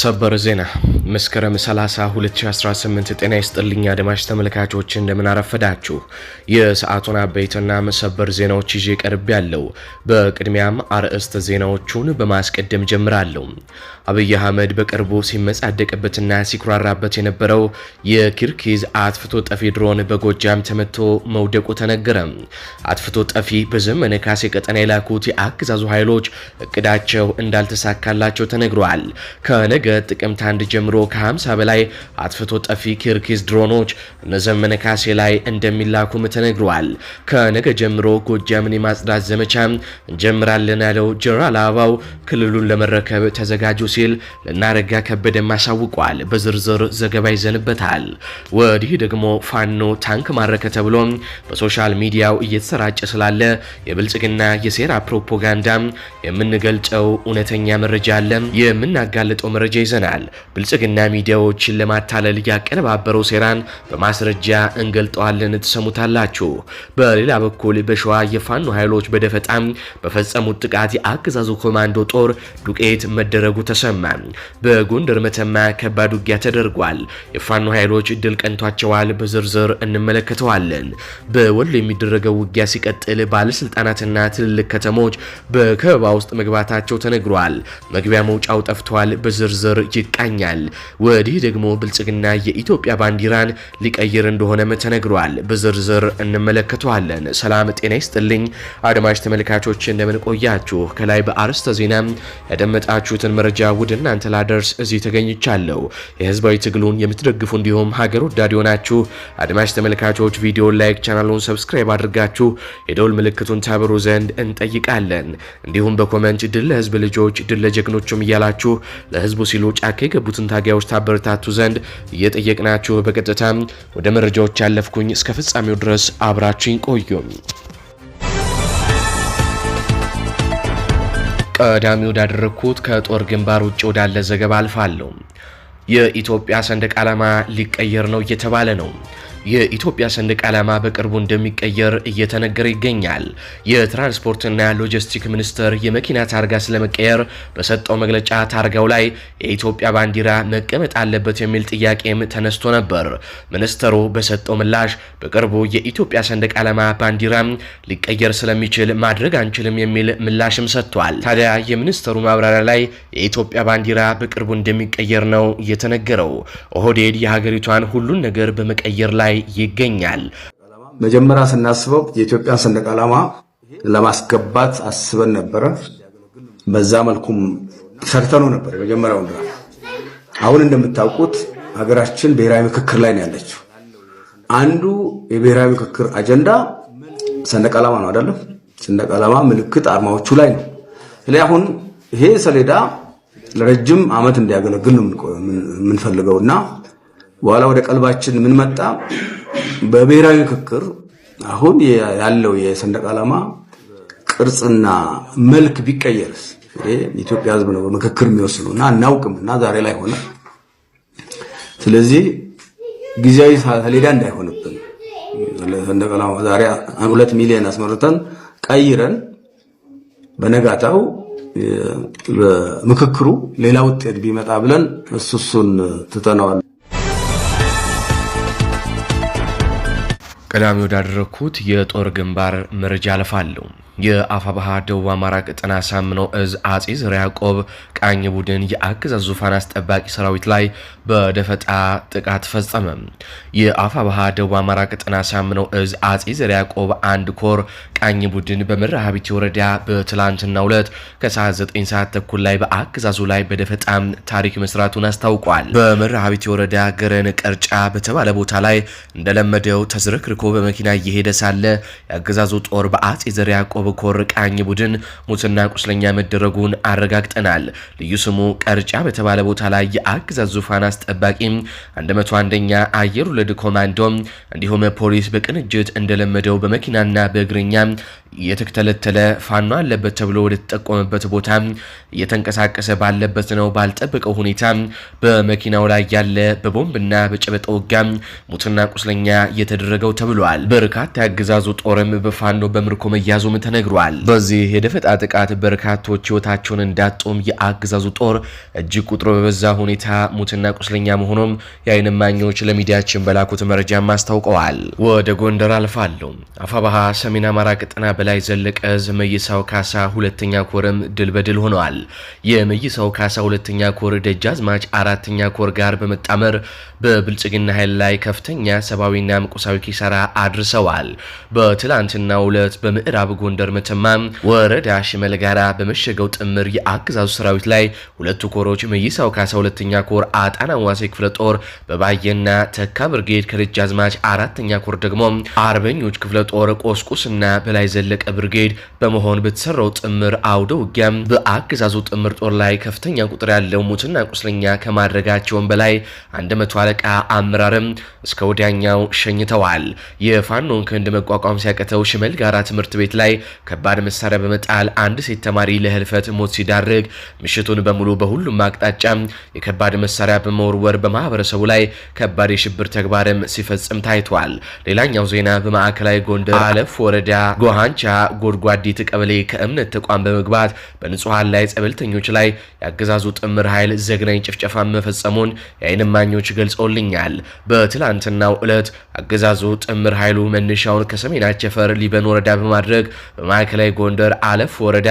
ሰበር ዜና መስከረም 30 2018። ጤና ይስጥልኛ አድማጭ ተመልካቾች እንደምን አረፈዳችሁ። የሰዓቱን አበይትና መሰበር ዜናዎች ይዤ ቀርብ ያለው። በቅድሚያም አርዕስተ ዜናዎቹን በማስቀደም ጀምራለሁ። አብይ አህመድ በቅርቡ ሲመጻደቅበትና ሲኩራራበት የነበረው የኪርኪዝ አጥፍቶ ጠፊ ድሮን በጎጃም ተመቶ መውደቁ ተነገረ። አጥፍቶ ጠፊ በዘመነ ካሴ ቀጠና የላኩት የአገዛዙ ኃይሎች እቅዳቸው እንዳልተሳካላቸው ተነግሯል። ከነገ ጥቅምት አንድ ጀምሮ ከ50 በላይ አጥፍቶ ጠፊ ኪርኪዝ ድሮኖች እነዘመነ ካሴ ላይ እንደሚላኩም ተነግረዋል። ከነገ ጀምሮ ጎጃምን የማጽዳት ዘመቻ እንጀምራለን ያለው ጀነራል አበባው ክልሉን ለመረከብ ተዘጋጁ ሲል ለናረጋ ከበደም አሳውቋል። በዝርዝር ዘገባ ይዘንበታል። ወዲህ ደግሞ ፋኖ ታንክ ማረከ ተብሎ በሶሻል ሚዲያው እየተሰራጨ ስላለ የብልጽግና የሴራ ፕሮፓጋንዳ የምንገልጸው እውነተኛ መረጃ አለ፣ የምናጋልጠው መረጃ ይዘናል። ብልጽግና መንግስትና ሚዲያዎችን ለማታለል ያቀነባበረው ሴራን በማስረጃ እንገልጠዋለን፣ ትሰሙታላችሁ። በሌላ በኩል በሸዋ የፋኖ ኃይሎች በደፈጣም በፈጸሙት ጥቃት የአገዛዙ ኮማንዶ ጦር ዱቄት መደረጉ ተሰማ። በጎንደር መተማ ከባድ ውጊያ ተደርጓል። የፋኖ ኃይሎች ድል ቀንቷቸዋል። በዝርዝር እንመለከተዋለን። በወሎ የሚደረገው ውጊያ ሲቀጥል ባለስልጣናትና ትልልቅ ከተሞች በከበባ ውስጥ መግባታቸው ተነግሯል። መግቢያ መውጫው ጠፍቷል። በዝርዝር ይቃኛል። ወዲህ ደግሞ ብልጽግና የኢትዮጵያ ባንዲራን ሊቀይር እንደሆነም ተነግሯል። በዝርዝር እንመለከተዋለን። ሰላም ጤና ይስጥልኝ አድማጭ ተመልካቾች እንደምንቆያችሁ። ከላይ በአርስተ ዜና ያደመጣችሁትን መረጃ ውድ እናንተ ላደርስ እዚህ ተገኝቻለሁ። የህዝባዊ ትግሉን የምትደግፉ እንዲሁም ሀገር ወዳድ የሆናችሁ አድማጭ ተመልካቾች ቪዲዮ ላይክ፣ ቻናሉን ሰብስክራይብ አድርጋችሁ የደውል ምልክቱን ታብሩ ዘንድ እንጠይቃለን። እንዲሁም በኮመንት ድል ለህዝብ ልጆች፣ ድል ለጀግኖቹም እያላችሁ ለህዝቡ ሲሉ ጫካ የገቡትን ታጋዮች ታበረታቱ ዘንድ እየጠየቅናችሁ በቀጥታ ወደ መረጃዎች ያለፍኩኝ፣ እስከ ፍጻሜው ድረስ አብራችኝ ቆዩ። ቀዳሚ ወዳደረግኩት ከጦር ግንባር ውጭ ወዳለ ዘገባ አልፋለሁ። የኢትዮጵያ ሰንደቅ ዓላማ ሊቀየር ነው እየተባለ ነው። የኢትዮጵያ ሰንደቅ ዓላማ በቅርቡ እንደሚቀየር እየተነገረ ይገኛል። የትራንስፖርትና ሎጂስቲክ ሚኒስቴር የመኪና ታርጋ ስለመቀየር በሰጠው መግለጫ ታርጋው ላይ የኢትዮጵያ ባንዲራ መቀመጥ አለበት የሚል ጥያቄም ተነስቶ ነበር። ሚኒስትሩ በሰጠው ምላሽ በቅርቡ የኢትዮጵያ ሰንደቅ ዓላማ ባንዲራም ሊቀየር ስለሚችል ማድረግ አንችልም የሚል ምላሽም ሰጥቷል። ታዲያ የሚኒስትሩ ማብራሪያ ላይ የኢትዮጵያ ባንዲራ በቅርቡ እንደሚቀየር ነው የተነገረው። ኦህዴድ የሀገሪቷን ሁሉን ነገር በመቀየር ላይ ላይ ይገኛል። መጀመሪያ ስናስበው የኢትዮጵያን ሰንደቅ ዓላማ ለማስገባት አስበን ነበረ። በዛ መልኩም ሰርተነው ነበር የመጀመሪያውን ድራ። አሁን እንደምታውቁት ሀገራችን ብሔራዊ ምክክር ላይ ነው ያለችው። አንዱ የብሔራዊ ምክክር አጀንዳ ሰንደቅ ዓላማ ነው አይደለም? ሰንደቅ ዓላማ ምልክት አርማዎቹ ላይ ነው። ስለዚህ አሁን ይሄ ሰሌዳ ለረጅም ዓመት እንዲያገለግል ነው እና በኋላ ወደ ቀልባችን ምን መጣ? በብሔራዊ ምክክር አሁን ያለው የሰንደቅ ዓላማ ቅርጽና መልክ ቢቀየርስ? ኢትዮጵያ ሕዝብ ነው ምክክር የሚወስኑ እና አናውቅም እና ዛሬ ላይ ሆነ። ስለዚህ ጊዜያዊ ሰሌዳ እንዳይሆንብን ሰንደቅ ዓላማ ዛሬ ሁለት ሚሊዮን አስመርተን ቀይረን በነጋታው ምክክሩ ሌላ ውጤት ቢመጣ ብለን እሱ እሱን ትተነዋል። ቀዳሚ ወዳደረግኩት የጦር ግንባር መረጃ አለፋለሁ። የአፋባሃ ደቡብ አማራ ቀጠና ሳምነው እዝ አጼ ዘርዓ ያዕቆብ ቃኝ ቡድን የአገዛዝ ዙፋን አስጠባቂ ሰራዊት ላይ በደፈጣ ጥቃት ፈጸመ። የአፋባሃ ደቡብ አማራ ቀጠና ሳምነው እዝ አጼ ዘርዓ ያዕቆብ አንድ ኮር ቃኝ ቡድን በመርሐ ወረዳ በትላንትናው ዕለት ከሰዓት 9 ሰዓት ተኩል ላይ በአገዛዙ ላይ በደፈጣም ታሪክ መስራቱን አስታውቋል። በመርሐ ወረዳ ገረን ቀርጫ በተባለ ቦታ ላይ እንደለመደው ተዝረክርኮ በመኪና እየሄደ ሳለ የአገዛዙ ጦር በአጼ ዘር ያዕቆብ ኮር ቃኝ ቡድን ሙትና ቁስለኛ መደረጉን አረጋግጠናል። ልዩ ስሙ ቀርጫ በተባለ ቦታ ላይ የአገዛዝ ዙፋን አስጠባቂ 101ኛ አየር ወለድ ኮማንዶ እንዲሁም ፖሊስ በቅንጅት እንደለመደው በመኪናና በእግረኛ እየተተለተለ ፋኖ አለበት ተብሎ ወደተጠቆመበት ቦታ እየተንቀሳቀሰ ባለበት ነው። ባልጠበቀው ሁኔታ በመኪናው ላይ ያለ በቦምብና በጨበጣ ውጋ ሙትና ቁስለኛ የተደረገው ተብሏል። በርካታ ያገዛዙ ጦርም በፋኖ በምርኮ መያዙም ተነግሯል። በዚህ የደፈጣ ጥቃት በርካቶች ህይወታቸውን እንዳጡም የአገዛዙ ጦር እጅግ ቁጥሩ በበዛ ሁኔታ ሙትና ቁስለኛ መሆኑም የአይን እማኞች ለሚዲያችን በላኩት መረጃም አስታውቀዋል። ወደ ጎንደር አልፋለሁ። አፋባሃ ሰሜን አማራ ቀጠና በላይ በላይ ዘለቀ እዝ መይሳው ካሳ ሁለተኛ ኮርም ድል በድል ሆነዋል። የመይሳው ካሳ ሁለተኛ ኮር ደጃዝማች አራተኛ ኮር ጋር በመጣመር በብልጽግና ኃይል ላይ ከፍተኛ ሰብአዊና ምቁሳዊ ኪሳራ አድርሰዋል። በትላንትናው ዕለት በምዕራብ ጎንደር መተማ ወረዳ ሽመል ጋራ በመሸገው ጥምር የአገዛዙ ሰራዊት ላይ ሁለቱ ኮሮች መይሳው ካሳ ሁለተኛ ኮር አጣና ዋሴ ክፍለ ጦር በባየና ተካ ብርጌድ ከደጃዝማች አራተኛ ኮር ደግሞ አርበኞች ክፍለ ጦር ቆስቁስና በላይ ዘለ ዘለቀ ብርጌድ በመሆን በተሰራው ጥምር አውደ ውጊያም በአገዛዙ ጥምር ጦር ላይ ከፍተኛ ቁጥር ያለው ሙትና ቁስለኛ ከማድረጋቸውን በላይ አንድ መቶ አለቃ አመራርም እስከ ወዲያኛው ሸኝተዋል። የፋኖን ክንድ መቋቋም ሲያቀተው ሽመል ጋራ ትምህርት ቤት ላይ ከባድ መሳሪያ በመጣል አንድ ሴት ተማሪ ለህልፈት ሞት ሲዳርግ ምሽቱን በሙሉ በሁሉም አቅጣጫ የከባድ መሳሪያ በመወርወር በማህበረሰቡ ላይ ከባድ የሽብር ተግባርም ሲፈጽም ታይቷል። ሌላኛው ዜና በማዕከላዊ ጎንደር አለፍ ወረዳ ጎሃንች ዳቻ ጎድጓዲት ቀበሌ ከእምነት ተቋም በመግባት በንጹሐን ላይ ጸበልተኞች ላይ የአገዛዙ ጥምር ኃይል ዘግናኝ ጭፍጨፋ መፈጸሙን የአይን እማኞች ገልጸውልኛል። በትላንትናው ዕለት አገዛዙ ጥምር ኃይሉ መነሻውን ከሰሜን አቸፈር ሊበን ወረዳ በማድረግ በማዕከላዊ ጎንደር አለፍ ወረዳ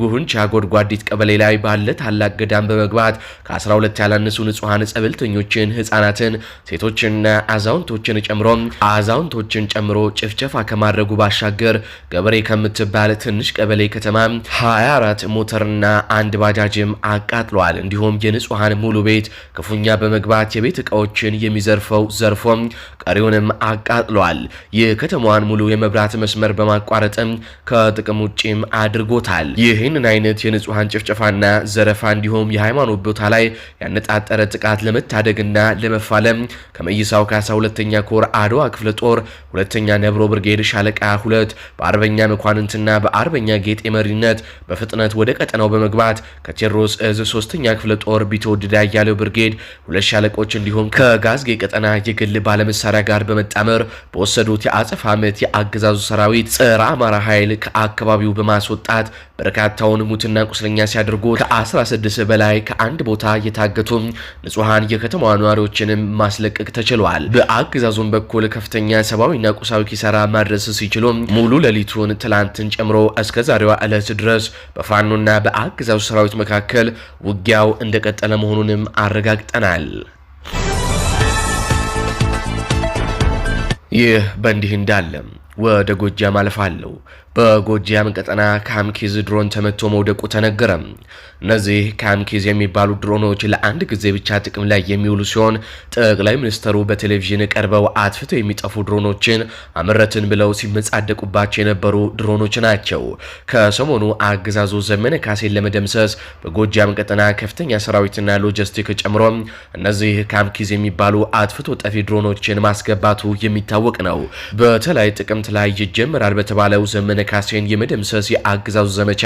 ጉሁንቻ ጎድጓዲት ቀበሌ ላይ ባለ ታላቅ ገዳም በመግባት ከ12 ያላነሱ ንጹሐን ጸበልተኞችን፣ ህጻናትን፣ ሴቶችንና አዛውንቶችን ጨምሮ አዛውንቶችን ጨምሮ ጭፍጨፋ ከማድረጉ ባሻገር ገበሬ ከምትባል ትንሽ ቀበሌ ከተማ 24 ሞተርና አንድ ባጃጅም አቃጥሏል። እንዲሁም የንጹሐን ሙሉ ቤት ክፉኛ በመግባት የቤት እቃዎችን የሚዘርፈው ዘርፎ ቀሪውንም አቃጥሏል። ይህ ከተማዋን ሙሉ የመብራት መስመር በማቋረጥም ከጥቅም ውጪም አድርጎታል። ይህ ይህንን አይነት የንጹሐን ጭፍጨፋና ዘረፋ እንዲሁም የሃይማኖት ቦታ ላይ ያነጣጠረ ጥቃት ለመታደግና ለመፋለም ከመይሳው ካሳ ሁለተኛ ኮር አድዋ ክፍለ ጦር ሁለተኛ ነብሮ ብርጌድ ሻለቃ ሁለት በአርበኛ መኳንንትና በአርበኛ ጌጤ መሪነት በፍጥነት ወደ ቀጠናው በመግባት ከቴዎድሮስ እዝ ሶስተኛ ክፍለ ጦር ቢተወድዳ ያለው ብርጌድ ሁለት ሻለቆች እንዲሁም ከጋዝጌ ቀጠና የግል ባለመሳሪያ ጋር በመጣመር በወሰዱት የአጸፋ ዓመት የአገዛዙ ሰራዊት ጸረ አማራ ኃይል ከአካባቢው በማስወጣት በርካታ በርካታውን ሙትና ቁስለኛ ሲያደርጉ ከ16 በላይ ከአንድ ቦታ እየታገቱ ንጹሐን የከተማዋ ነዋሪዎችንም ማስለቀቅ ተችሏል። በአግዛዙን በኩል ከፍተኛ ሰብአዊና ቁሳዊ ኪሳራ ማድረስ ሲችሉ ሙሉ ሌሊቱን ትላንትን ጨምሮ እስከ ዛሬዋ ዕለት ድረስ በፋኖና በአገዛዙ ሰራዊት መካከል ውጊያው እንደቀጠለ መሆኑንም አረጋግጠናል። ይህ በእንዲህ እንዳለም ወደ ጎጃም አልፋለሁ። በጎጃም ቀጠና ካምኪዝ ድሮን ተመቶ መውደቁ ተነገረም እነዚህ ካሚኬዝ የሚባሉ ድሮኖች ለአንድ ጊዜ ብቻ ጥቅም ላይ የሚውሉ ሲሆን ጠቅላይ ሚኒስትሩ በቴሌቪዥን ቀርበው አጥፍተው የሚጠፉ ድሮኖችን አመረትን ብለው ሲመጻደቁባቸው የነበሩ ድሮኖች ናቸው። ከሰሞኑ አገዛዙ ዘመነ ካሴን ለመደምሰስ በጎጃም ቀጠና ከፍተኛ ሰራዊትና ሎጂስቲክ ጨምሮ እነዚህ ካሚኬዝ የሚባሉ አጥፍቶ ጠፊ ድሮኖችን ማስገባቱ የሚታወቅ ነው። በተለይ ጥቅምት ላይ ይጀምራል በተባለው ዘመነ ካሴን የመደምሰስ የአገዛዙ ዘመቻ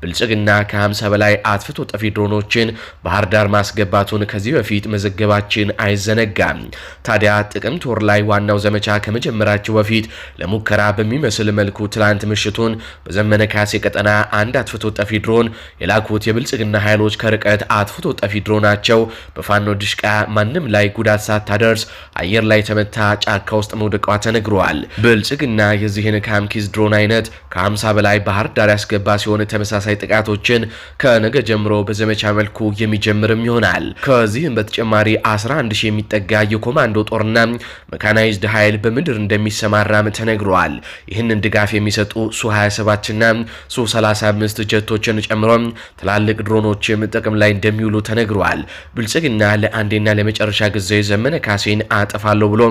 ብልጽግና ከ50 በላይ አጥፍቶ ጠፊ ድሮኖችን ባህር ዳር ማስገባቱን ከዚህ በፊት መዘገባችን አይዘነጋም። ታዲያ ጥቅምት ወር ላይ ዋናው ዘመቻ ከመጀመራቸው በፊት ለሙከራ በሚመስል መልኩ ትላንት ምሽቱን በዘመነ ካሴ ቀጠና አንድ አጥፍቶ ጠፊ ድሮን የላኩት የብልጽግና ኃይሎች ከርቀት አጥፍቶ ጠፊ ድሮናቸው በፋኖ ድሽቃ ማንም ላይ ጉዳት ሳታደርስ አየር ላይ ተመታ ጫካ ውስጥ መውደቋ ተነግረዋል። ብልጽግና የዚህን ካምኪዝ ድሮን አይነት ከ50 በላይ ባህር ዳር ያስገባ ሲሆን ተመሳሳይ ጥቃቶችን ከነገ ከነገ ጀምሮ በዘመቻ መልኩ የሚጀምርም ይሆናል። ከዚህም በተጨማሪ 11 ሺህ የሚጠጋ የኮማንዶ ጦርና መካናይዝድ ኃይል በምድር እንደሚሰማራም ተነግረዋል። ይህንን ድጋፍ የሚሰጡ ሱ 27ና ሱ 35 ጀቶችን ጨምሮ ትላልቅ ድሮኖችም ጥቅም ላይ እንደሚውሉ ተነግረዋል። ብልጽግና ለአንዴና ለመጨረሻ ጊዜ ዘመነ ካሴን አጠፋለሁ ብሎ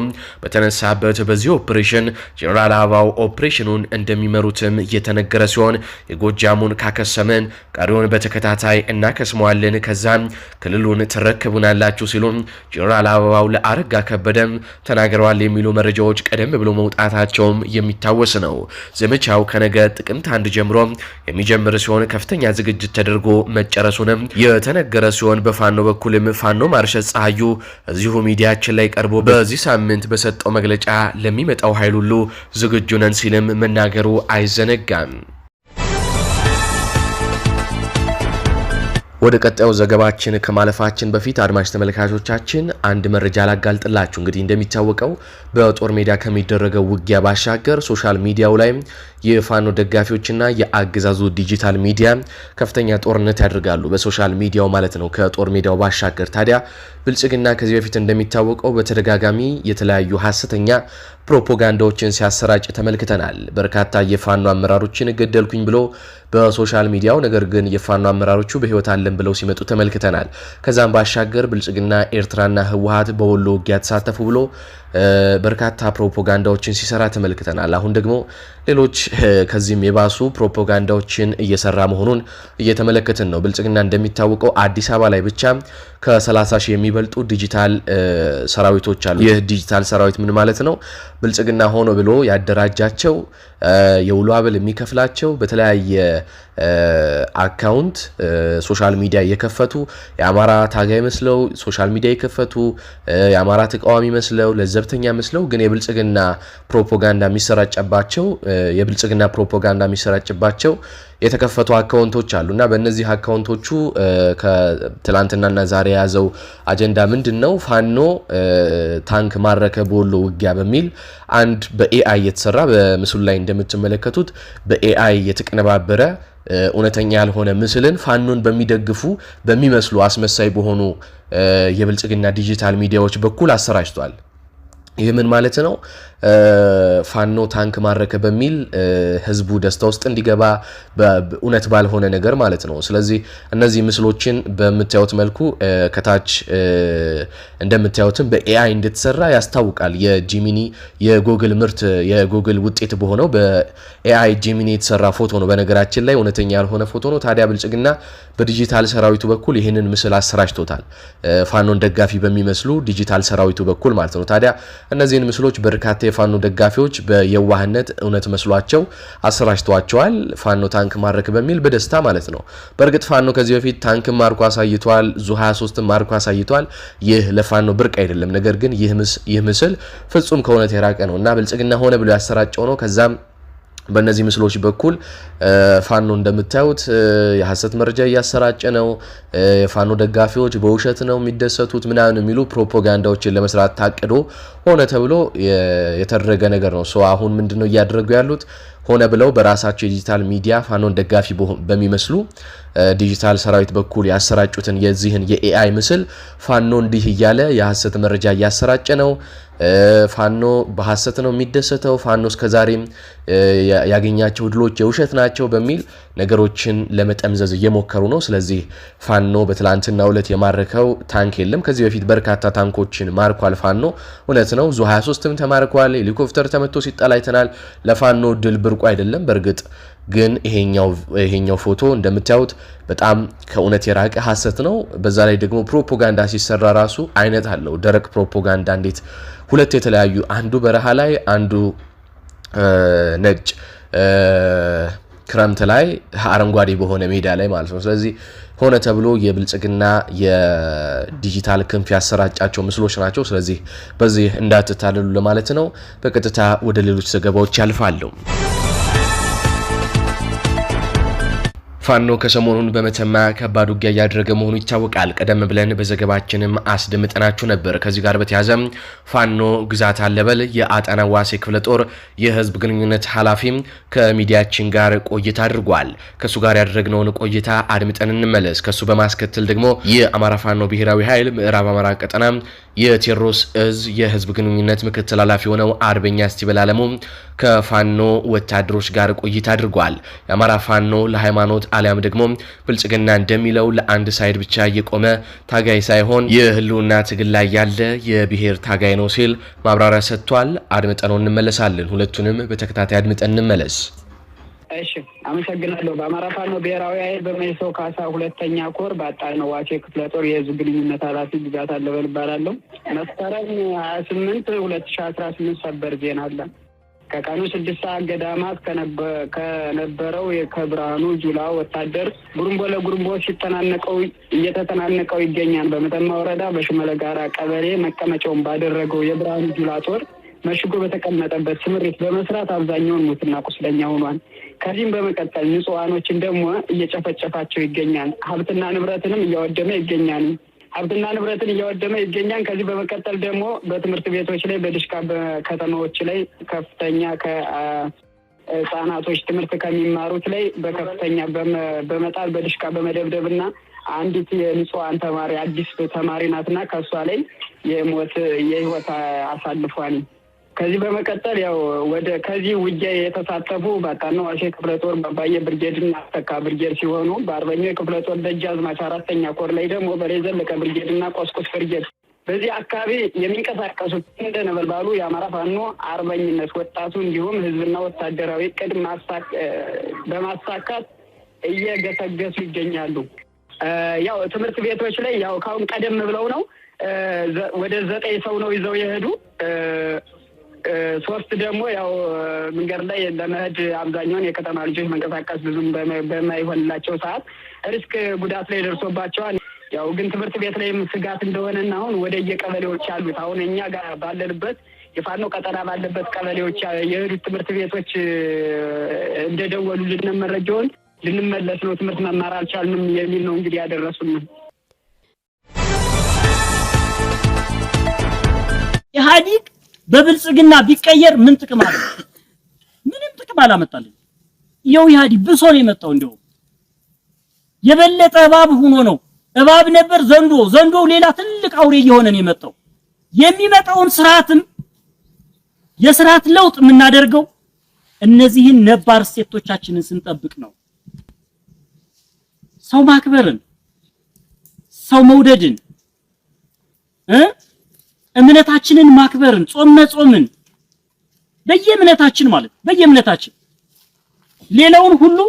በተነሳበት በዚህ ኦፕሬሽን ጀኔራል አበባው ኦፕሬሽኑን እንደሚመሩትም እየተነገረ ሲሆን የጎጃሙን ካከሰመን ቀሪውን በተከታ በተከታታይ እናከስመዋለን፣ ከዛም ክልሉን ትረክቡናላችሁ ሲሉ ጄኔራል አበባው ለአረጋ ከበደ ተናግረዋል የሚሉ መረጃዎች ቀደም ብሎ መውጣታቸውም የሚታወስ ነው። ዘመቻው ከነገ ጥቅምት አንድ ጀምሮ የሚጀምር ሲሆን ከፍተኛ ዝግጅት ተደርጎ መጨረሱንም የተነገረ ሲሆን በፋኖ በኩልም ፋኖ ማርሸት ፀሐዩ እዚሁ ሚዲያችን ላይ ቀርቦ በዚህ ሳምንት በሰጠው መግለጫ ለሚመጣው ኃይል ሁሉ ዝግጁ ነን ሲልም መናገሩ አይዘነጋም። ወደ ቀጣዩ ዘገባችን ከማለፋችን በፊት አድማጭ ተመልካቾቻችን አንድ መረጃ ላጋልጥላችሁ። እንግዲህ እንደሚታወቀው በጦር ሜዳ ከሚደረገው ውጊያ ባሻገር ሶሻል ሚዲያው ላይ የፋኖ ደጋፊዎችና የአገዛዙ ዲጂታል ሚዲያ ከፍተኛ ጦርነት ያደርጋሉ። በሶሻል ሚዲያው ማለት ነው። ከጦር ሜዳው ባሻገር ታዲያ ብልጽግና ከዚህ በፊት እንደሚታወቀው በተደጋጋሚ የተለያዩ ሀሰተኛ ፕሮፓጋንዳዎችን ሲያሰራጭ ተመልክተናል። በርካታ የፋኖ አመራሮችን እገደልኩኝ ብሎ በሶሻል ሚዲያው፣ ነገር ግን የፋኖ አመራሮቹ በህይወት አለን ብለው ሲመጡ ተመልክተናል። ከዛም ባሻገር ብልጽግና ኤርትራና ህወሀት በወሎ ውጊያ ተሳተፉ ብሎ በርካታ ፕሮፓጋንዳዎችን ሲሰራ ተመልክተናል። አሁን ደግሞ ሌሎች ከዚህም የባሱ ፕሮፓጋንዳዎችን እየሰራ መሆኑን እየተመለከትን ነው። ብልጽግና እንደሚታወቀው አዲስ አበባ ላይ ብቻ ከ30 ሺህ የሚበልጡ ዲጂታል ሰራዊቶች አሉ። ይህ ዲጂታል ሰራዊት ምን ማለት ነው? ብልጽግና ሆኖ ብሎ ያደራጃቸው የውሎ አበል የሚከፍላቸው በተለያየ አካውንት ሶሻል ሚዲያ እየከፈቱ የአማራ ታጋይ መስለው ሶሻል ሚዲያ የከፈቱ የአማራ ተቃዋሚ መስለው ለዘብተኛ መስለው ግን የብልጽግና ፕሮፓጋንዳ የሚሰራጨባቸው የብልጽግና ፕሮፓጋንዳ የሚሰራጭባቸው የተከፈቱ አካውንቶች አሉ እና በእነዚህ አካውንቶቹ ከትላንትናና ዛሬ የያዘው አጀንዳ ምንድን ነው? ፋኖ ታንክ ማረከ በወሎ ውጊያ በሚል አንድ በኤአይ የተሰራ በምስሉ ላይ እንደምትመለከቱት በኤአይ የተቀነባበረ እውነተኛ ያልሆነ ምስልን ፋኖን በሚደግፉ በሚመስሉ አስመሳይ በሆኑ የብልጽግና ዲጂታል ሚዲያዎች በኩል አሰራጭቷል። ይህ ምን ማለት ነው? ፋኖ ታንክ ማረከ በሚል ህዝቡ ደስታ ውስጥ እንዲገባ እውነት ባልሆነ ነገር ማለት ነው። ስለዚህ እነዚህ ምስሎችን በምታዩት መልኩ ከታች እንደምታዩትም በኤአይ እንደተሰራ ያስታውቃል። የጂሚኒ የጉግል ምርት የጉግል ውጤት በሆነው በኤአይ ጂሚኒ የተሰራ ፎቶ ነው። በነገራችን ላይ እውነተኛ ያልሆነ ፎቶ ነው። ታዲያ ብልጽግና በዲጂታል ሰራዊቱ በኩል ይህንን ምስል አሰራጭቶታል። ፋኖን ደጋፊ በሚመስሉ ዲጂታል ሰራዊቱ በኩል ማለት ነው። ታዲያ እነዚህን ምስሎች በርካታ የፋኖ ደጋፊዎች በየዋህነት እውነት መስሏቸው አሰራጭተዋቸዋል። ፋኖ ታንክ ማድረክ በሚል በደስታ ማለት ነው። በእርግጥ ፋኖ ከዚህ በፊት ታንክ ማርኮ አሳይቷል፣ ዙ 23 ማርኮ አሳይቷል። ይህ ለፋኖ ብርቅ አይደለም። ነገር ግን ይህ ምስል ፍጹም ከእውነት የራቀ ነው እና ብልጽግና ሆነ ብሎ ያሰራጨው ነው። ከዛም በእነዚህ ምስሎች በኩል ፋኖ እንደምታዩት የሐሰት መረጃ እያሰራጨ ነው። የፋኖ ደጋፊዎች በውሸት ነው የሚደሰቱት ምናምን የሚሉ ፕሮፓጋንዳዎችን ለመስራት ታቅዶ ሆነ ተብሎ የተደረገ ነገር ነው። ሶ አሁን ምንድን ነው እያደረጉ ያሉት? ሆነ ብለው በራሳቸው የዲጂታል ሚዲያ ፋኖን ደጋፊ በሚመስሉ ዲጂታል ሰራዊት በኩል ያሰራጩትን የዚህን የኤአይ ምስል ፋኖ እንዲህ እያለ የሐሰት መረጃ እያሰራጨ ነው ፋኖ በሐሰት ነው የሚደሰተው፣ ፋኖ እስከዛሬም ያገኛቸው ድሎች የውሸት ናቸው በሚል ነገሮችን ለመጠምዘዝ እየሞከሩ ነው። ስለዚህ ፋኖ በትላንትና ዕለት የማረከው ታንክ የለም። ከዚህ በፊት በርካታ ታንኮችን ማርኳል ፋኖ እውነት ነው። ዙ 23ም ተማርኳል። ሄሊኮፕተር ተመቶ ሲጣል አይተናል። ለፋኖ ድል ብርቁ አይደለም። በእርግጥ ግን ይሄኛው ፎቶ እንደምታዩት በጣም ከእውነት የራቀ ሀሰት ነው። በዛ ላይ ደግሞ ፕሮፓጋንዳ ሲሰራ ራሱ አይነት አለው። ደረቅ ፕሮፓጋንዳ እንዴት ሁለት የተለያዩ አንዱ በረሃ ላይ አንዱ ነጭ ክረምት ላይ አረንጓዴ በሆነ ሜዳ ላይ ማለት ነው። ስለዚህ ሆነ ተብሎ የብልጽግና የዲጂታል ክንፍ ያሰራጫቸው ምስሎች ናቸው። ስለዚህ በዚህ እንዳትታልሉ ለማለት ነው። በቀጥታ ወደ ሌሎች ዘገባዎች ያልፋለሁ። ፋኖ ከሰሞኑን በመተማ ከባድ ውጊያ እያደረገ መሆኑ ይታወቃል። ቀደም ብለን በዘገባችንም አስደምጠናችሁ ነበር። ከዚህ ጋር በተያዘ ፋኖ ግዛት አለበል የአጣና ዋሴ ክፍለ ጦር የህዝብ ግንኙነት ኃላፊ ከሚዲያችን ጋር ቆይታ አድርጓል። ከእሱ ጋር ያደረግነውን ቆይታ አድምጠን እንመለስ። ከእሱ በማስከተል ደግሞ የአማራ ፋኖ ብሔራዊ ኃይል ምዕራብ አማራ ቀጠና የቴዎድሮስ እዝ የህዝብ ግንኙነት ምክትል ኃላፊ የሆነው አርበኛ ስቲበል አለሙ ከፋኖ ወታደሮች ጋር ቆይታ አድርጓል። የአማራ ፋኖ ለሃይማኖት አሊያም ደግሞ ብልጽግና እንደሚለው ለአንድ ሳይድ ብቻ የቆመ ታጋይ ሳይሆን የህልውና ትግል ላይ ያለ የብሔር ታጋይ ነው ሲል ማብራሪያ ሰጥቷል። አድምጠነው እንመለሳለን። ሁለቱንም በተከታታይ አድምጠን እንመለስ። እሺ አመሰግናለሁ። በአማራ ፋኖ ብሔራዊ ኃይል በመይሰው ካሳ ሁለተኛ ኮር ነው ዋሴ ክፍለ ጦር የህዝብ ግንኙነት ኃላፊ ግዛት አለበል እባላለሁ። መስከረም ሀያ ስምንት ሁለት ሺ አስራ ስምንት ሰበር ዜና አለን ከቀኑ ስድስት ሰዓት ገዳማት ከነበረው ከብርሃኑ ጁላ ወታደር ጉርምቦ ለጉርምቦ ሲተናነቀው እየተተናነቀው ይገኛል። በመተማ ወረዳ በሽመለ ጋራ ቀበሌ መቀመጫውን ባደረገው የብርሃኑ ጁላ ጦር መሽጎ በተቀመጠበት ስምሪት በመስራት አብዛኛውን ሙትና ቁስለኛ ሆኗል። ከዚህም በመቀጠል ንጹሐኖችን ደግሞ እየጨፈጨፋቸው ይገኛል። ሀብትና ንብረትንም እያወደመ ይገኛል። ሀብትና ንብረትን እያወደመ ይገኛል። ከዚህ በመቀጠል ደግሞ በትምህርት ቤቶች ላይ በድሽቃ ከተማዎች ላይ ከፍተኛ ከህፃናቶች ትምህርት ከሚማሩት ላይ በከፍተኛ በመጣል በድሽቃ በመደብደብና አንዲት የንጹሐን ተማሪ አዲስ ተማሪ ናትና ከእሷ ላይ የሞት የህይወት አሳልፏል። ከዚህ በመቀጠል ያው ወደ ከዚህ ውጊያ የተሳተፉ በቃና ዋሴ ክፍለ ጦር በባየ ብርጌድና አስተካ ብርጌድ ሲሆኑ በአርበኛው ክፍለ ጦር ደጃዝማች አራተኛ ኮር ላይ ደግሞ በሬ ዘለቀ ብርጌድና ቆስቁስ ብርጌድ በዚህ አካባቢ የሚንቀሳቀሱት እንደ ነበልባሉ የአማራ ፋኖ አርበኝነት ወጣቱ እንዲሁም ህዝብና ወታደራዊ ቅድ በማሳካት እየገሰገሱ ይገኛሉ። ያው ትምህርት ቤቶች ላይ ያው ካሁን ቀደም ብለው ነው ወደ ዘጠኝ ሰው ነው ይዘው የሄዱ ሶስት ደግሞ ያው መንገድ ላይ ለመሄድ አብዛኛውን የከተማ ልጆች መንቀሳቀስ ብዙም በማይሆንላቸው ሰዓት ሪስክ ጉዳት ላይ ደርሶባቸዋል። ያው ግን ትምህርት ቤት ላይም ስጋት እንደሆነና አሁን ወደ የቀበሌዎች አሉት አሁን እኛ ጋር ባለንበት የፋኖ ቀጠና ባለበት ቀበሌዎች የሄዱት ትምህርት ቤቶች እንደደወሉ ልነን ልንመለስ ነው ትምህርት መማር አልቻልንም የሚል ነው እንግዲህ ያደረሱን። ኢህአዲግ በብልጽግና ቢቀየር ምን ጥቅም አለ? ምንም ጥቅም አላመጣልኝ። ይኸው ኢህአዴግ ብሶ ነው የመጣው። እንደውም የበለጠ እባብ ሆኖ ነው። እባብ ነበር ዘንዶ፣ ዘንዶ ሌላ ትልቅ አውሬ እየሆነ ነው የመጣው። የሚመጣውን ስርዓትም የስርዓት ለውጥ የምናደርገው እነዚህን ነባር እሴቶቻችንን ስንጠብቅ ነው። ሰው ማክበርን፣ ሰው መውደድን እምነታችንን ማክበርን ጾም መጾምን በየእምነታችን ማለት በየእምነታችን ሌላውን ሁሉ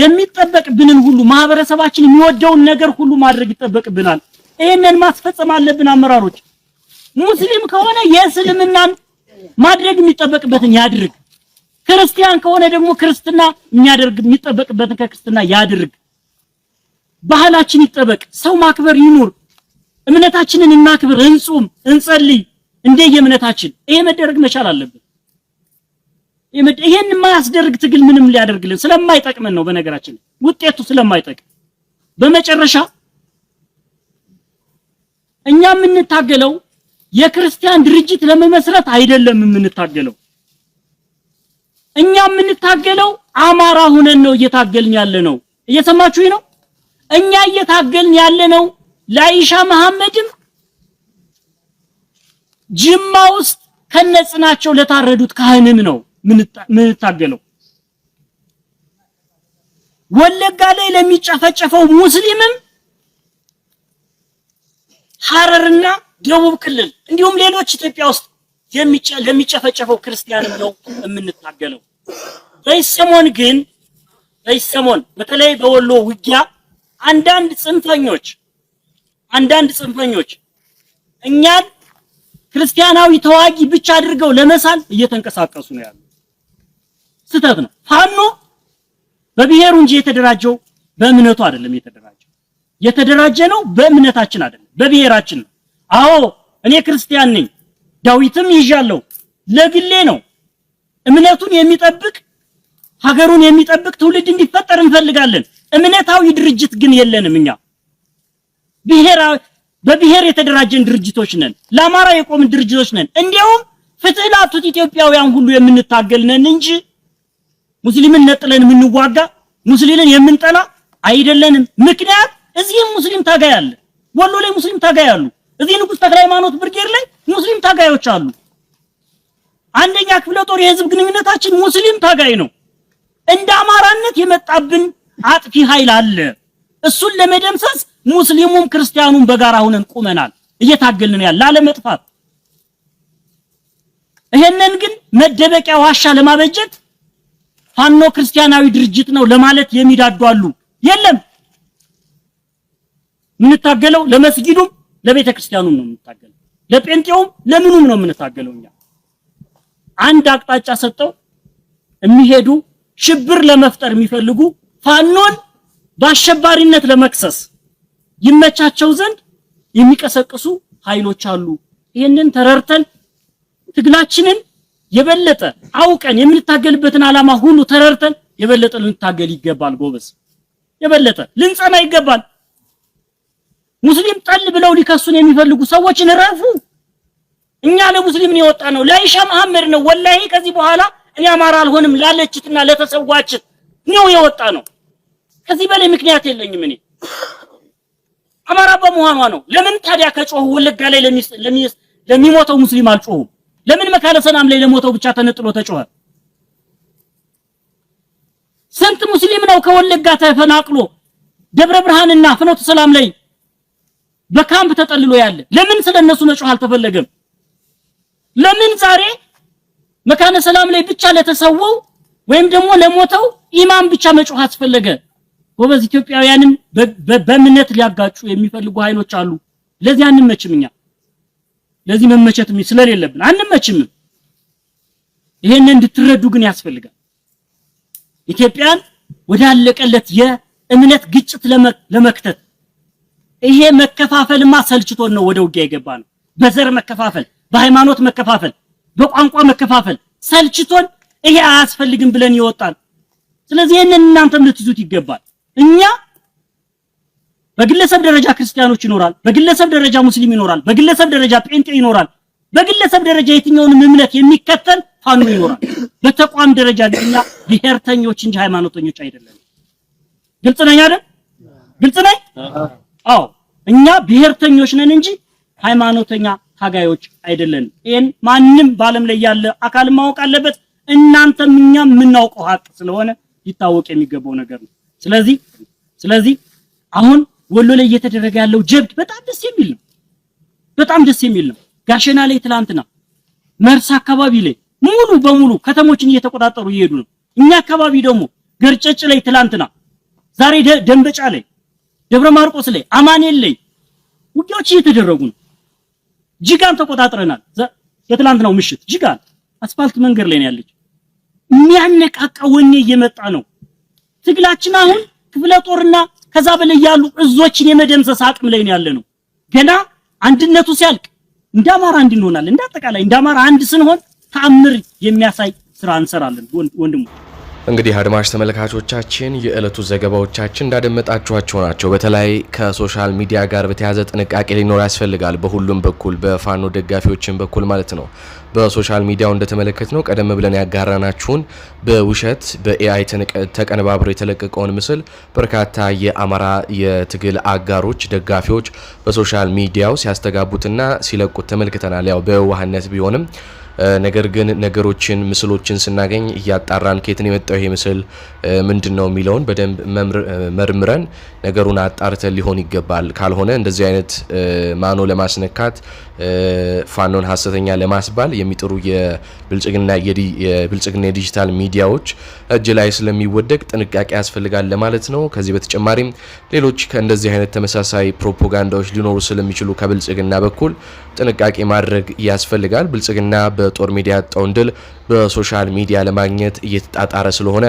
የሚጠበቅብንን ሁሉ ማህበረሰባችን የሚወደውን ነገር ሁሉ ማድረግ ይጠበቅብናል። ይህንን ማስፈጸም አለብን አመራሮች። ሙስሊም ከሆነ የእስልምናን ማድረግ የሚጠበቅበትን ያድርግ። ክርስቲያን ከሆነ ደግሞ ክርስትና የሚያደርግ የሚጠበቅበትን ከክርስትና ያድርግ። ባህላችን ይጠበቅ። ሰው ማክበር ይኑር። እምነታችንን እናክብር፣ እንጹም፣ እንጸልይ እንደ የእምነታችን። ይሄ መደረግ መቻል አለበት። ይሄን የማያስደርግ ትግል ምንም ሊያደርግልን ስለማይጠቅመን ነው። በነገራችን ውጤቱ ስለማይጠቅም በመጨረሻ እኛ የምንታገለው የክርስቲያን ድርጅት ለመመስረት አይደለም። የምንታገለው እኛ የምንታገለው አማራ ሁነን ነው እየታገልን ያለ ነው። ነው። እኛ እየታገልን ያለ ነው ለአይሻ መሐመድም ጅማ ውስጥ ከነጽናቸው ለታረዱት ካህንም ነው ምንታገለው። ወለጋ ላይ ለሚጨፈጨፈው ሙስሊምም ሐረርና ደቡብ ክልል እንዲሁም ሌሎች ኢትዮጵያ ውስጥ ለሚጨፈጨፈው ክርስቲያንም ነው የምንታገለው። በይሰሞን ግን በይሰሞን በተለይ በወሎ ውጊያ አንዳንድ ጽንፈኞች አንዳንድ ጽንፈኞች እኛን ክርስቲያናዊ ተዋጊ ብቻ አድርገው ለመሳል እየተንቀሳቀሱ ነው ያሉ። ስህተት ነው። ፋኖ በብሔሩ እንጂ የተደራጀው በእምነቱ አይደለም። የተደራጀው የተደራጀ ነው በእምነታችን አይደለም፣ በብሔራችን ነው። አዎ እኔ ክርስቲያን ነኝ፣ ዳዊትም ይዣለሁ። ለግሌ ነው። እምነቱን የሚጠብቅ ሀገሩን የሚጠብቅ ትውልድ እንዲፈጠር እንፈልጋለን። እምነታዊ ድርጅት ግን የለንም እኛ በብሔር የተደራጀን ድርጅቶች ነን። ለአማራ የቆምን ድርጅቶች ነን። እንዲያውም ፍትህ ላጡት ኢትዮጵያውያን ሁሉ የምንታገል ነን እንጂ ሙስሊምን ነጥለን የምንዋጋ ሙስሊምን የምንጠላ አይደለንም። ምክንያት እዚህም ሙስሊም ታጋይ አለ። ወሎ ላይ ሙስሊም ታጋይ አሉ። እዚህ ንጉስ ተክለ ሃይማኖት ብርጌድ ላይ ሙስሊም ታጋዮች አሉ። አንደኛ ክፍለ ጦር የህዝብ ግንኙነታችን ሙስሊም ታጋይ ነው። እንደ አማራነት የመጣብን አጥፊ ኃይል አለ። እሱን ለመደምሰስ ሙስሊሙም ክርስቲያኑም በጋራ ሆነን ቁመናል፣ እየታገልን ያለ ላለመጥፋት። ይሄንን ግን መደበቂያ ዋሻ ለማበጀት ፋኖ ክርስቲያናዊ ድርጅት ነው ለማለት የሚዳዱ አሉ። የለም የምንታገለው ለመስጊዱም ለቤተ ክርስቲያኑም ነው የምንታገለው፣ ለጴንጤውም ለምኑም ነው የምንታገለው። እኛ አንድ አቅጣጫ ሰጠው የሚሄዱ ሽብር ለመፍጠር የሚፈልጉ ፋኖን በአሸባሪነት ለመክሰስ ይመቻቸው ዘንድ የሚቀሰቅሱ ኃይሎች አሉ። ይህንን ተረርተን ትግላችንን የበለጠ አውቀን የምንታገልበትን ዓላማ ሁሉ ተረርተን የበለጠ ልንታገል ይገባል። ጎበዝ የበለጠ ልንጸና ይገባል። ሙስሊም ጠል ብለው ሊከሱን የሚፈልጉ ሰዎችን ረፉ። እኛ ለሙስሊም ነው የወጣ ነው። ለአይሻ መሐመድ ነው ወላሂ ከዚህ በኋላ እኔ አማራ አልሆንም ላለችትና ለተሰዋችት ነው የወጣ ነው። ከዚህ በላይ ምክንያት የለኝም እኔ አማራ በመሆኗ ነው። ለምን ታዲያ ከጮሁ ወለጋ ላይ ለሚሞተው ሙስሊም አልጮሁም? ለምን መካነ ሰላም ላይ ለሞተው ብቻ ተነጥሎ ተጮኸ? ስንት ሙስሊም ነው ከወለጋ ተፈናቅሎ ደብረ ብርሃንና ፍኖተ ሰላም ላይ በካምፕ ተጠልሎ ያለ? ለምን ስለነሱ መጮህ አልተፈለገም? ለምን ዛሬ መካነ ሰላም ላይ ብቻ ለተሰወው ወይም ደግሞ ለሞተው ኢማም ብቻ መጮህ አስፈለገ? ጎበዝ ኢትዮጵያውያንን በእምነት ሊያጋጩ የሚፈልጉ ኃይሎች አሉ። ለዚህ አንመችም። እኛ ለዚህ መመቸት ስለሌለብን አንመችም። ይሄንን እንድትረዱ ግን ያስፈልጋል። ኢትዮጵያን ወዳለቀለት የእምነት ግጭት ለመክተት ይሄ መከፋፈልማ ሰልችቶን ነው ወደ ውጊያ የገባ ነው። በዘር መከፋፈል፣ በሃይማኖት መከፋፈል፣ በቋንቋ መከፋፈል ሰልችቶን ይሄ አያስፈልግም ብለን ይወጣል። ስለዚህ ይህንን እናንተም ልትይዙት ይገባል። እኛ በግለሰብ ደረጃ ክርስቲያኖች ይኖራል፣ በግለሰብ ደረጃ ሙስሊም ይኖራል፣ በግለሰብ ደረጃ ጴንጤ ይኖራል፣ በግለሰብ ደረጃ የትኛውንም እምነት የሚከተል ፋኖ ይኖራል። በተቋም ደረጃ እኛ ብሔርተኞች እንጂ ሃይማኖተኞች አይደለም። ግልጽ ነኝ አይደል? ግልጽ ነኝ። አዎ እኛ ብሔርተኞች ነን እንጂ ሃይማኖተኛ ታጋዮች አይደለን። ይሄን ማንም በዓለም ላይ ያለ አካል ማወቅ አለበት። እናንተም እኛም የምናውቀው ሀቅ ስለሆነ ሊታወቅ የሚገባው ነገር ነው። ስለዚህ ስለዚህ አሁን ወሎ ላይ እየተደረገ ያለው ጀብድ በጣም ደስ የሚል ነው። በጣም ደስ የሚል ነው። ጋሸና ላይ ትላንትና፣ መርሳ አካባቢ ላይ ሙሉ በሙሉ ከተሞችን እየተቆጣጠሩ እየሄዱ ነው። እኛ አካባቢ ደግሞ ገርጨጭ ላይ ትላንትና፣ ዛሬ ደንበጫ ላይ፣ ደብረ ማርቆስ ላይ፣ አማኔል ላይ ውጊያዎች እየተደረጉ ነው። ጅጋን ተቆጣጥረናል። በትላንትናው ምሽት ጅጋን አስፋልት መንገድ ላይ ነው ያለች። የሚያነቃቃ ወኔ እየመጣ ነው። ትግላችን አሁን ክፍለ ጦርና ከዛ በላይ ያሉ እዞችን የመደምሰስ አቅም ላይ ነው ያለ ነው። ገና አንድነቱ ሲያልቅ እንደ አማራ አንድ እንሆናለን። እንደ አጠቃላይ እንደ አማራ አንድ ስንሆን ተአምር የሚያሳይ ስራ እንሰራለን። ወንድሙ እንግዲህ አድማሽ ተመልካቾቻችን የዕለቱ ዘገባዎቻችን እንዳደመጣችኋቸው ናቸው። በተለይ ከሶሻል ሚዲያ ጋር በተያያዘ ጥንቃቄ ሊኖር ያስፈልጋል። በሁሉም በኩል በፋኖ ደጋፊዎችን በኩል ማለት ነው። በሶሻል ሚዲያው እንደተመለከት ነው ቀደም ብለን ያጋራናችሁን በውሸት በኤአይ ተቀነባብሮ የተለቀቀውን ምስል በርካታ የአማራ የትግል አጋሮች፣ ደጋፊዎች በሶሻል ሚዲያው ሲያስተጋቡትና ሲለቁት ተመልክተናል። ያው በዋህነት ቢሆንም ነገር ግን ነገሮችን ምስሎችን ስናገኝ እያጣራን ከየትን የመጣው ይሄ ምስል ምንድን ነው የሚለውን በደንብ መርምረን ነገሩን አጣርተን ሊሆን ይገባል። ካልሆነ እንደዚህ አይነት ማኖ ለማስነካት ፋኖን ሀሰተኛ ለማስባል የሚጥሩ የብልጽግና የዲጂታል ሚዲያዎች እጅ ላይ ስለሚወደቅ ጥንቃቄ ያስፈልጋል ለማለት ነው። ከዚህ በተጨማሪም ሌሎች ከእንደዚህ አይነት ተመሳሳይ ፕሮፓጋንዳዎች ሊኖሩ ስለሚችሉ ከብልጽግና በኩል ጥንቃቄ ማድረግ ያስፈልጋል። ብልጽግና በጦር ሚዲያ ያጣውን ድል በሶሻል ሚዲያ ለማግኘት እየተጣጣረ ስለሆነ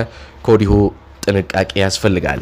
ከወዲሁ ጥንቃቄ ያስፈልጋል።